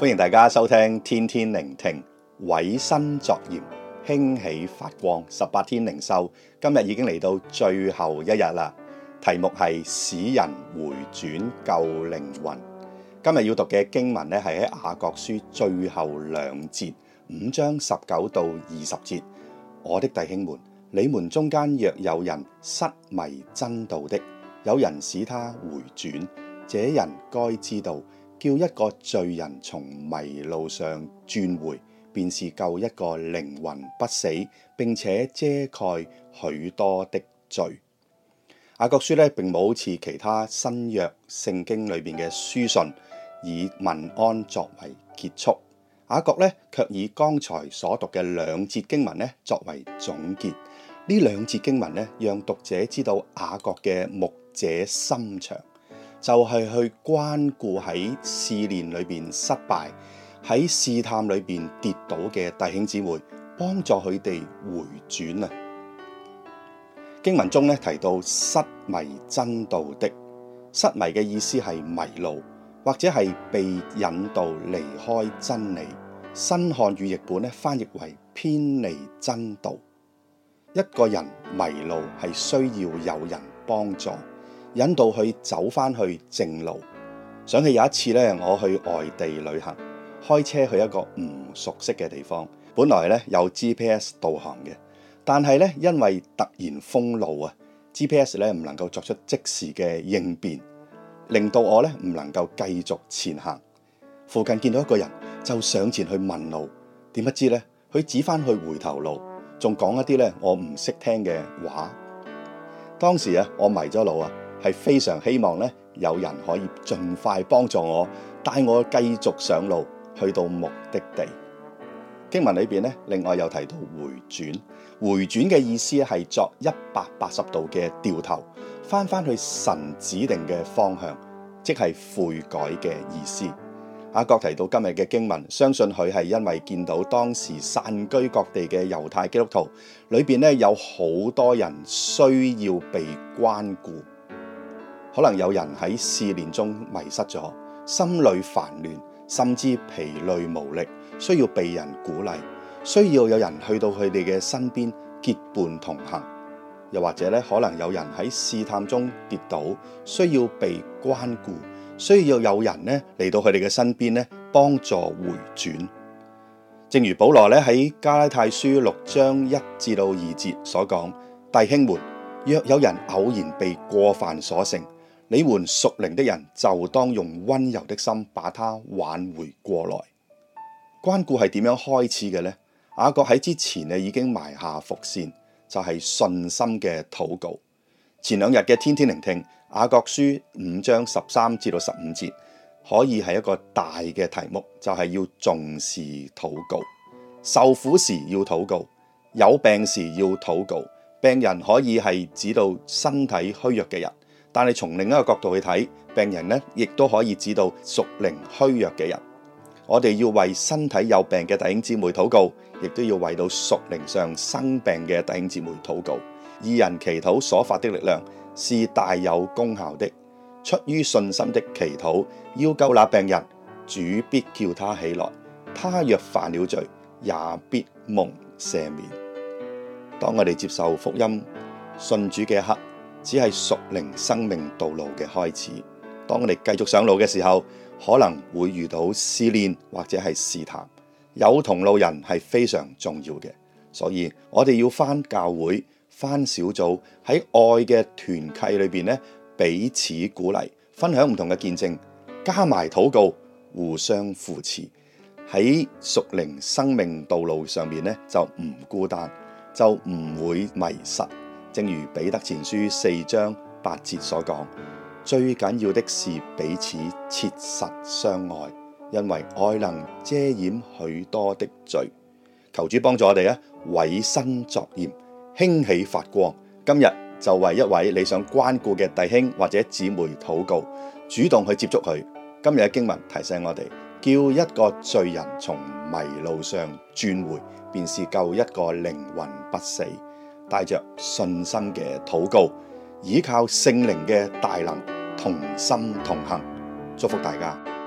歡迎大家收聽天天靈聽，委身作鹽，興起發光，十八天靈修，今日已經嚟到最後一日啦。題目係使人回轉救靈魂。今日要讀嘅經文呢，係喺雅各書最後兩節五章十九到二十節。我的弟兄們，你們中間若有人失迷真道的，有人使他回轉，這人該知道。叫一個罪人從迷路上轉回，便是救一個靈魂不死，並且遮蓋許多的罪。雅各書呢並冇似其他新約聖經裏邊嘅書信以問安作為結束。雅各呢卻以剛才所讀嘅兩節經文咧作為總結。呢兩節經文呢讓讀者知道雅各嘅牧者心腸。就係去關顧喺試煉裏邊失敗、喺試探裏邊跌倒嘅弟兄姊妹，幫助佢哋回轉啊！經文中咧提到失迷真道的，失迷嘅意思係迷路，或者係被引導離開真理。新漢語譯本咧翻譯為偏離真道。一個人迷路係需要有人幫助。引導佢走翻去正路。想起有一次咧，我去外地旅行，開車去一個唔熟悉嘅地方，本來咧有 GPS 導航嘅，但係咧因為突然封路啊，GPS 咧唔能夠作出即時嘅應變，令到我咧唔能夠繼續前行。附近見到一個人，就上前去問路，點不知咧，佢指翻去回頭路，仲講一啲咧我唔識聽嘅話。當時啊，我迷咗路啊。係非常希望咧，有人可以盡快幫助我，帶我繼續上路，去到目的地。經文裏邊咧，另外又提到回轉，回轉嘅意思係作一百八十度嘅掉頭，返返去神指定嘅方向，即係悔改嘅意思。雅各提到今日嘅經文，相信佢係因為見到當時散居各地嘅猶太基督徒裏邊咧，有好多人需要被關顧。可能有人喺試煉中迷失咗，心裏煩亂，甚至疲累無力，需要被人鼓勵，需要有人去到佢哋嘅身邊結伴同行；又或者咧，可能有人喺試探中跌倒，需要被關顧，需要有人呢嚟到佢哋嘅身邊呢，幫助回轉。正如保羅咧喺加拉太書六章一至到二節所講：「弟兄們，若有人偶然被過犯所勝，你們屬靈的人就當用溫柔的心把他挽回過來。」關顧係點樣開始嘅呢？雅各喺之前咧已經埋下伏線，就係信心嘅禱告。前兩日嘅天天靈聽，雅各書五章十三至到十五節，可以係一個大嘅題目，就係要重視禱告。受苦時要禱告，有病時要禱告，病人可以係指到身體虛弱嘅人。但係從另一個角度去睇，病人呢亦都可以指到屬靈虛弱嘅人。我哋要為身體有病嘅弟兄姊妹禱告，亦都要為到屬靈上生病嘅弟兄姊妹禱告。義人祈禱所發的力量是大有功效的。出於信心的祈禱，要救那病人，主必叫他起來。他若犯了罪，也必蒙赦免。當我哋接受福音信主嘅一刻，只係屬靈生命道路嘅開始。當我哋繼續上路嘅時候，可能會遇到試煉或者係試探，有同路人係非常重要嘅。所以我哋要返教會、返小組，喺愛嘅團契裏邊咧，彼此鼓勵、分享唔同嘅見證，加埋禱告，互相扶持，喺屬靈生命道路上面咧就唔孤單，就唔會迷失。正如彼得前書四章八節所講，最緊要的是彼此切實相愛，因為愛能遮掩許多的罪。求主幫助我哋啊，委身作鹽，興起發光。今日就為一位你想關顧嘅弟兄或者姊妹禱告，主動去接觸佢。今日嘅經文提醒我哋，叫一個罪人從迷路上轉回，便是救一個靈魂不死。帶着信心嘅禱告，依靠聖靈嘅大能，同心同行，祝福大家。